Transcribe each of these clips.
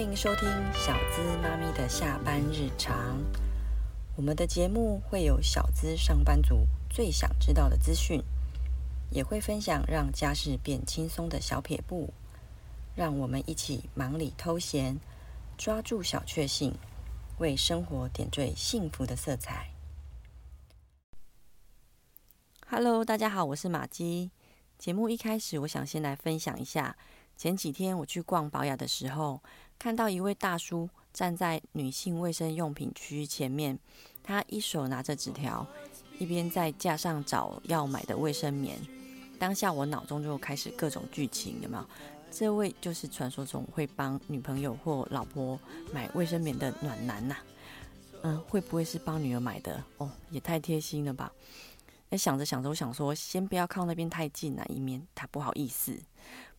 歡迎收聽小資媽咪的下班日常。我們的節目會有小資上班族最想知道的資訊，也會分享讓家事變輕鬆的小撇步。讓我們一起忙裡偷閒，抓住小確幸，為生活點綴幸福的色彩。Hello，大家好，我是馬基。節目一開始，我想先來分享一下前幾天我去逛寶雅的時候。看到一位大叔站在女性衛生用品區前面，他一手拿着紙條，一邊在架上找要買的衛生棉。當下我腦中就開始各種劇情，有沒有？這位就是傳說中會幫女朋友或老婆買衛生棉的暖男吶？嗯，會不會是幫女兒買的？哦，也太貼心了吧！那想着想着，我想說，先不要靠那邊太近吶，以免他不好意思。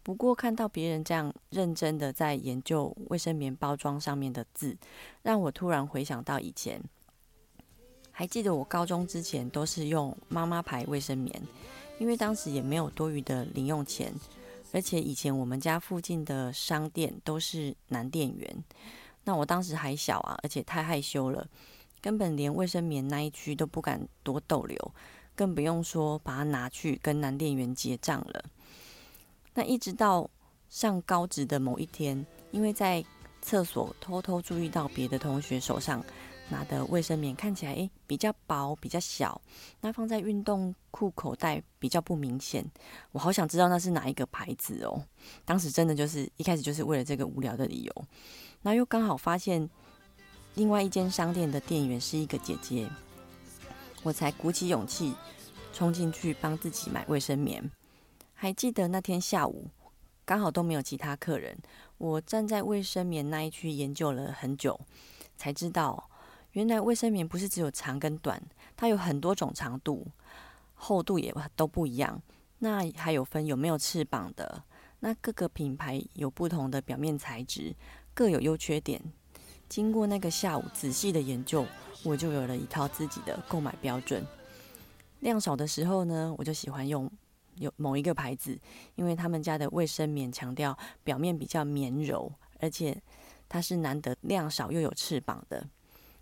不過看到別人這樣認真的在研究衛生棉包裝上面的字，讓我突然回想到以前。還記得我高中之前都是用媽媽牌衛生棉，因為當時也沒有多餘的零用錢，而且以前我們家附近的商店都是男店員，那我當時還小啊，而且太害羞了，根本連衛生棉那一區都不敢多逗留，更不用說把它拿去跟男店員結賬了。那一直到上高職的某一天，因為在廁所偷偷注意到別的同學手上拿的衛生棉看起來，誒，比較薄，比較小，那放在運動褲口袋比較不明顯。我好想知道那是哪一個牌子哦。當時真的就是一開始就是為了這個無聊的理由，那又剛好發現另外一間商店的店員是一個姐姐，我才鼓起勇氣衝進去幫自己買衛生棉。還記得那天下午，剛好都沒有其他客人，我站在衛生棉那一區研究了很久，才知道原來衛生棉不是只有長跟短，它有很多種長度，厚度也都不一樣。那還有分有沒有翅膀的，那各個品牌有不同的表面材質，各有優缺點。經過那個下午仔細的研究，我就有了一套自己的購買標準。量少的時候呢，我就喜歡用。有某一個牌子，因為他們家的衛生棉強調表面比較綿柔，而且它是難得量少又有翅膀的。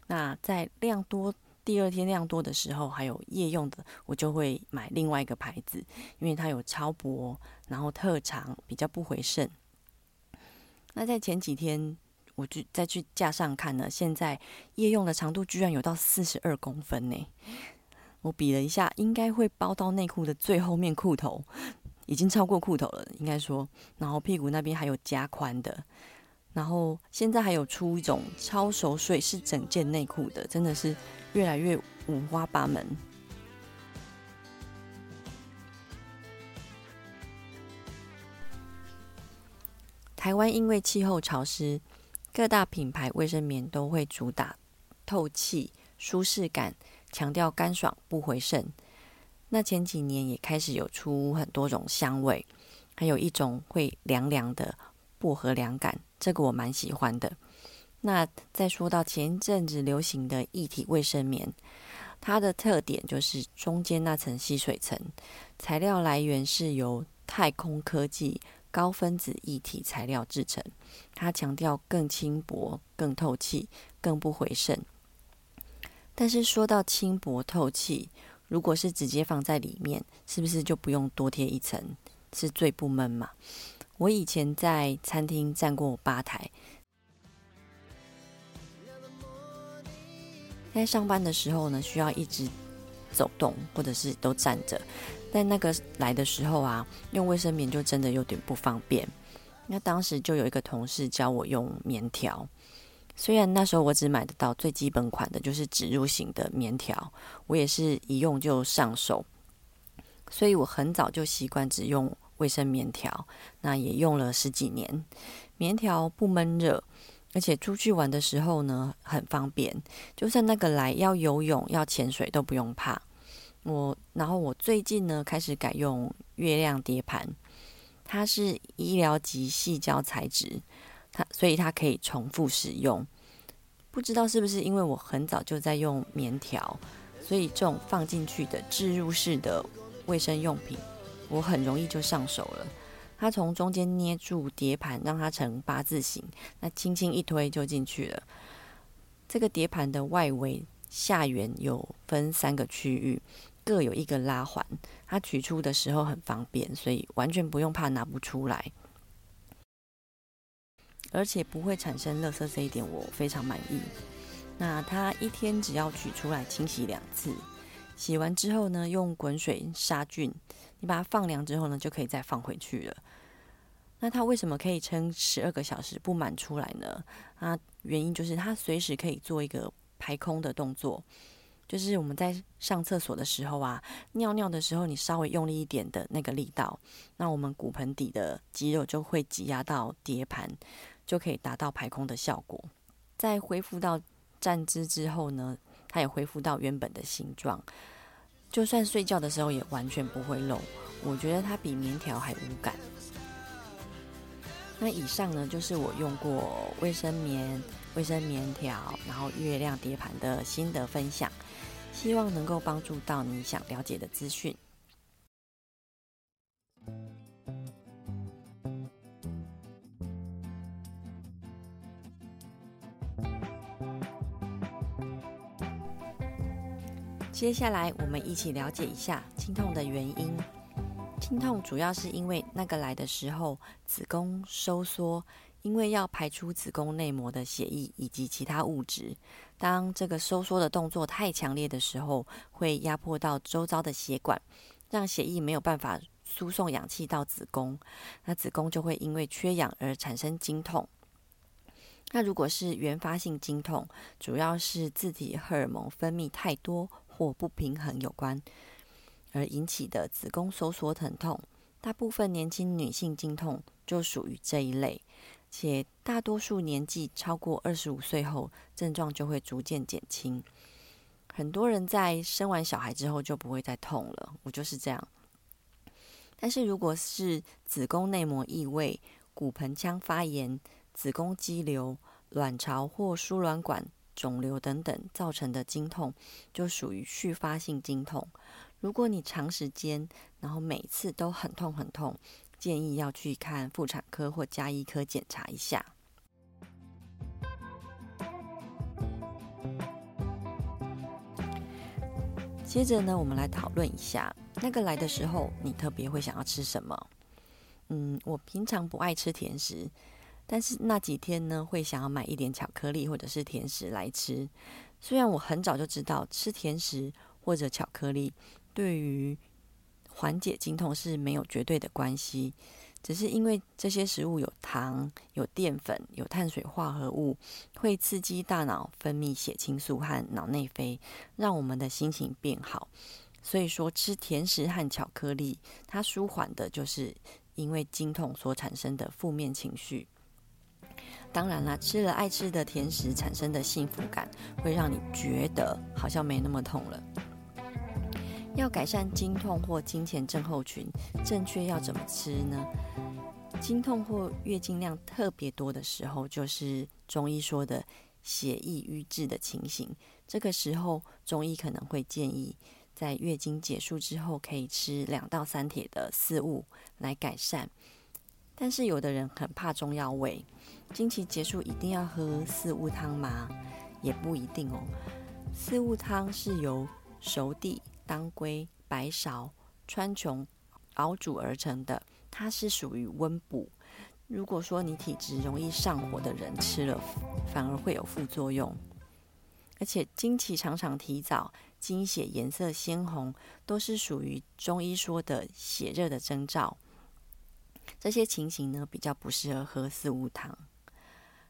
那在量多，第二天量多的時候，還有夜用的，我就會買另外一個牌子，因為它有超薄，然後特長比較不回滲。那在前幾天我就再去架上看呢，現在夜用的長度居然有到四十二公分呢、欸。我比了一下，應該會包到內褲的最後面褲頭，褲頭已經超過褲頭了，應該說，然後屁股那邊還有加寬的，然後現在還有出一種超熟睡是整件內褲的，真的是越來越五花八門。台灣因為氣候潮濕，各大品牌衛生棉，都會主打透氣、舒適感。強調乾爽不回滲，那前幾年也開始有出很多種香味，還有一種會涼涼的薄荷涼感，這個我蠻喜歡的。那再說到前一陣子流行的液體衛生棉，它的特點就是中間那層吸水層材料來源是由太空科技高分子液體材料制成，它強調更輕薄、更透氣、更不回滲。但是說到輕薄透氣，如果是直接放在裡面，是不是就不用多貼一層？是最不悶嘛？我以前在餐廳站過吧台，在上班的時候呢，需要一直走動或者是都站着。但那個來的時候啊，用衛生棉就真的有點不方便。那當時就有一個同事教我用棉條。雖然那時候我只買得到最基本款的，就是植入型的棉條，我也是一用就上手，所以我很早就習慣只用衛生棉條，那也用了十幾年。棉條不悶熱，而且出去玩的時候呢，很方便，就算那個來要游泳要潛水都不用怕。我然後我最近呢開始改用月亮碟盤，它是醫療級矽膠材質。它，所以它可以重複使用。不知道是不是因為我很早就在用棉條，所以這種放進去的置入式的衛生用品，我很容易就上手了。它從中間捏住碟盤，讓它呈八字形，那輕輕一推就進去了。這個碟盤的外圍下緣有分三個區域，各有一個拉環，它取出的時候很方便，所以完全不用怕拿不出來。而且不會產生垃圾，這一點我非常滿意。那它一天只要取出來清洗兩次，洗完之後呢，用滾水殺菌。你把它放涼之後呢，就可以再放回去了。那它為什麼可以撐十二個小時不滿出來呢？啊，原因就是它隨時可以做一個排空的動作，就是我們在上廁所的時候啊，尿尿的時候，你稍微用力一點的那個力道，那我們骨盆底的肌肉就會擠壓到碟盤。就可以達到排空的效果。在恢復到站姿之後呢，它也恢復到原本的形狀。就算睡覺的時候也完全不會漏。我覺得它比棉條還無感。那以上呢，就是我用過衛生棉、衛生棉條，然後月亮碟盤的心得分享，希望能夠幫助到你想了解的資訊。接下來，我們一起了解一下經痛的原因。經痛主要是因為那個來的時候子宮收縮，因為要排出子宮內膜的血液以及其他物質。當這個收縮的動作太強烈的時候，會壓迫到周遭的血管，讓血液沒有辦法輸送氧氣到子宮，那子宮就會因為缺氧而產生經痛。那如果是原發性經痛，主要是自體荷爾蒙分泌太多。或不平衡有關，而引起的子宮收縮疼痛，大部分年輕女性經痛就屬於這一類，且大多數年紀超過二十五歲後，症狀就會逐漸減輕。很多人在生完小孩之後就不會再痛了，我就是這樣。但是如果是子宮內膜異位、骨盆腔發炎、子宮肌瘤、卵巢或輸卵管，腫瘤等等造成的經痛，就屬於續發性經痛。如果你長時間，然後每次都很痛很痛，建議要去看婦產科或家醫科檢查一下。接着呢，我們來討論一下，那個來的時候，你特別會想要吃什麼？嗯，我平常不愛吃甜食。但是那幾天呢，會想要買一點巧克力或者是甜食來吃。雖然我很早就知道吃甜食或者巧克力對於緩解經痛是沒有絕對的關係，只是因為這些食物有糖、有澱粉、有碳水化合物，會刺激大腦分泌血清素和腦內啡，讓我們的心情變好。所以說，吃甜食和巧克力，它舒緩的就是因為經痛所產生的負面情緒。當然啦，吃了愛吃的甜食產生的幸福感，會讓你覺得好像沒那麼痛了。要改善經痛或經前症候群，正確要怎麼吃呢？經痛或月經量特別多的時候，就是中醫說的血瘀瘀滯的情形。這個時候，中醫可能會建議，在月經結束之後，可以吃兩到三帖的四物來改善。但是有的人很怕中藥味，經期結束一定要喝四物湯嗎？也不一定哦。四物湯是由熟地、當歸、白芍、川芎熬煮，煮而成的，它是屬於溫補。如果說你體質容易上火的人吃了，反而會有副作用。而且經期常常提早，經血顏色鮮紅，都是屬於中醫說的血熱的徵兆。這些情形呢，比較不適合喝四物湯。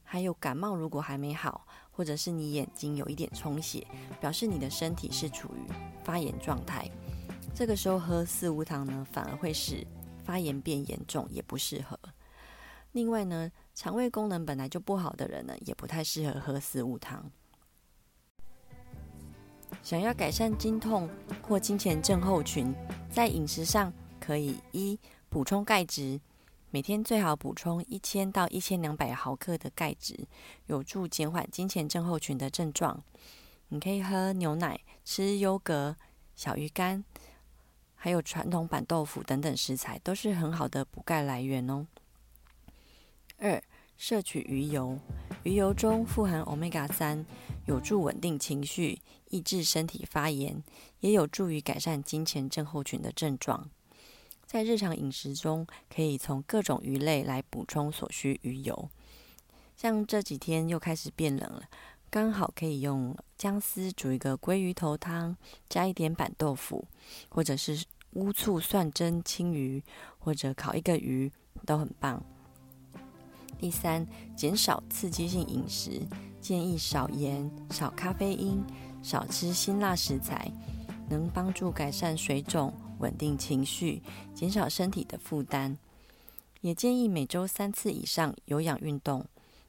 還有感冒如果還沒好，或者是你眼睛有一點充血，表示你的身體是處於發炎狀態，這個時候喝四物湯呢，反而會使發炎變嚴重，也不適合。另外呢，腸胃功能本來就不好的人呢，也不太適合喝四物湯。想要改善經痛或經前症候群，在飲食上可以一、補充鈣質。每天最好補充一千到一千兩百毫克的鈣質，有助減緩經前症候群的症狀。你可以喝牛奶、吃優格、小魚乾，還有傳統板豆腐等等食材，都是很好的補鈣來源哦。二、攝取魚油，魚油中富含 Omega 三，有助穩定情緒、抑制身體發炎，也有助於改善經前症候群的症狀。在日常飲食中，可以從各種魚類來補充所需魚油。像這幾天又開始變冷了，剛好可以用薑絲煮一個鮭魚頭湯，加一點板豆腐，或者是烏醋蒜蒸鯖魚，或者烤一個魚，都很棒。第三，減少刺激性飲食，建議少鹽、少咖啡因、少吃辛辣食材，能幫助改善水腫。穩定情緒，減少身體的負擔，也建議每周三次以上有氧運動，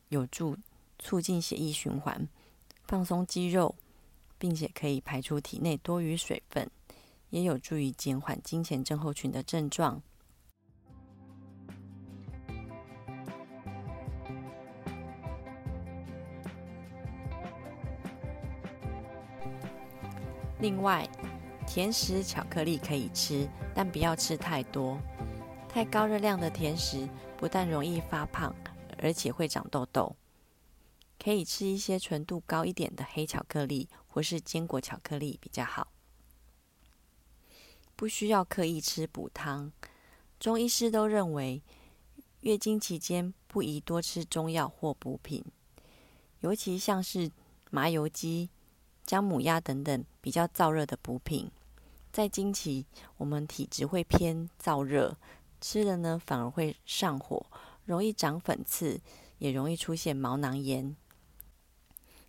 有助促進血液循環、放鬆肌肉，並且可以排出體內多餘水分，也有助於減緩經前症候群的症狀。另外，甜食巧克力可以吃，但不要吃太多。太高熱量的甜食不但容易發胖，而且會長痘痘。可以吃一些純度高一點的黑巧克力或是堅果巧克力比較好。不需要刻意吃補湯。中醫師都認為，月經期間不宜多吃中藥或補品，尤其像是麻油雞、薑母鴨等等比較燥熱的補品。在經期，我們體質會偏燥熱，吃了呢反而會上火，容易長粉刺，也容易出現毛囊炎。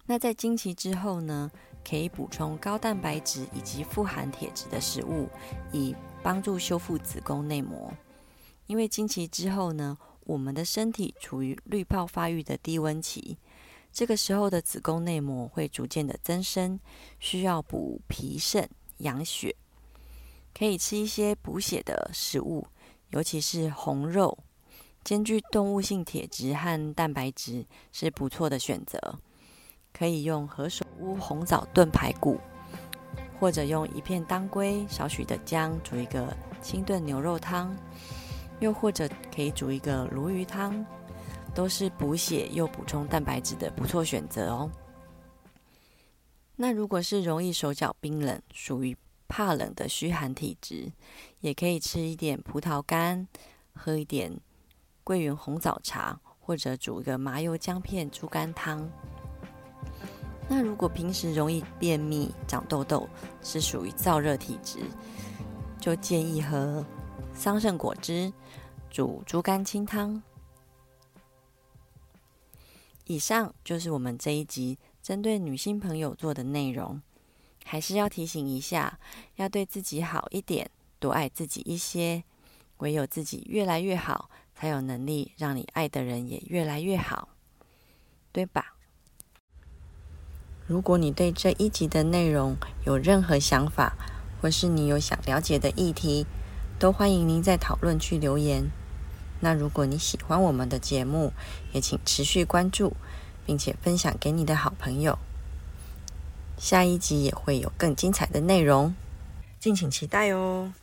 那在經期之後呢，可以補充高蛋白質以及富含鐵質的食物，以幫助修復子宮內膜。因為經期之後呢，我們的身體處於濾泡發育的低溫期，這個時候的子宮內膜會逐漸的增生，需要補脾腎、養血。可以吃一些補血的食物，尤其是紅肉，兼具動物性鐵質和蛋白質，是不錯的選擇。可以用何首烏、紅棗燉排骨，或者用一片當歸、少許的薑煮一個清燉牛肉湯，又或者可以煮一個鱸魚湯，都是補血又補充蛋白質的不錯選擇哦。那如果是容易手腳冰冷，屬於怕冷的虛寒體質，也可以吃一點葡萄乾，喝一點桂圓紅棗茶，或者煮一個麻油薑片豬肝湯。那如果平時容易便秘、長痘痘，是屬於燥熱體質，就建議喝桑葚果汁、煮豬肝清湯。以上就是我們這一集針對女性朋友做的內容。還是要提醒一下，要對自己好一點，多愛自己一些。唯有自己越來越好，才有能力讓你愛的人也越來越好，對吧？如果你對這一集的內容有任何想法，或是你有想了解的議題，都歡迎您在討論區留言。那如果你喜歡我們的節目，也請持續關注，並且分享給你的好朋友。下一集也會有更精彩的內容，敬請期待哦！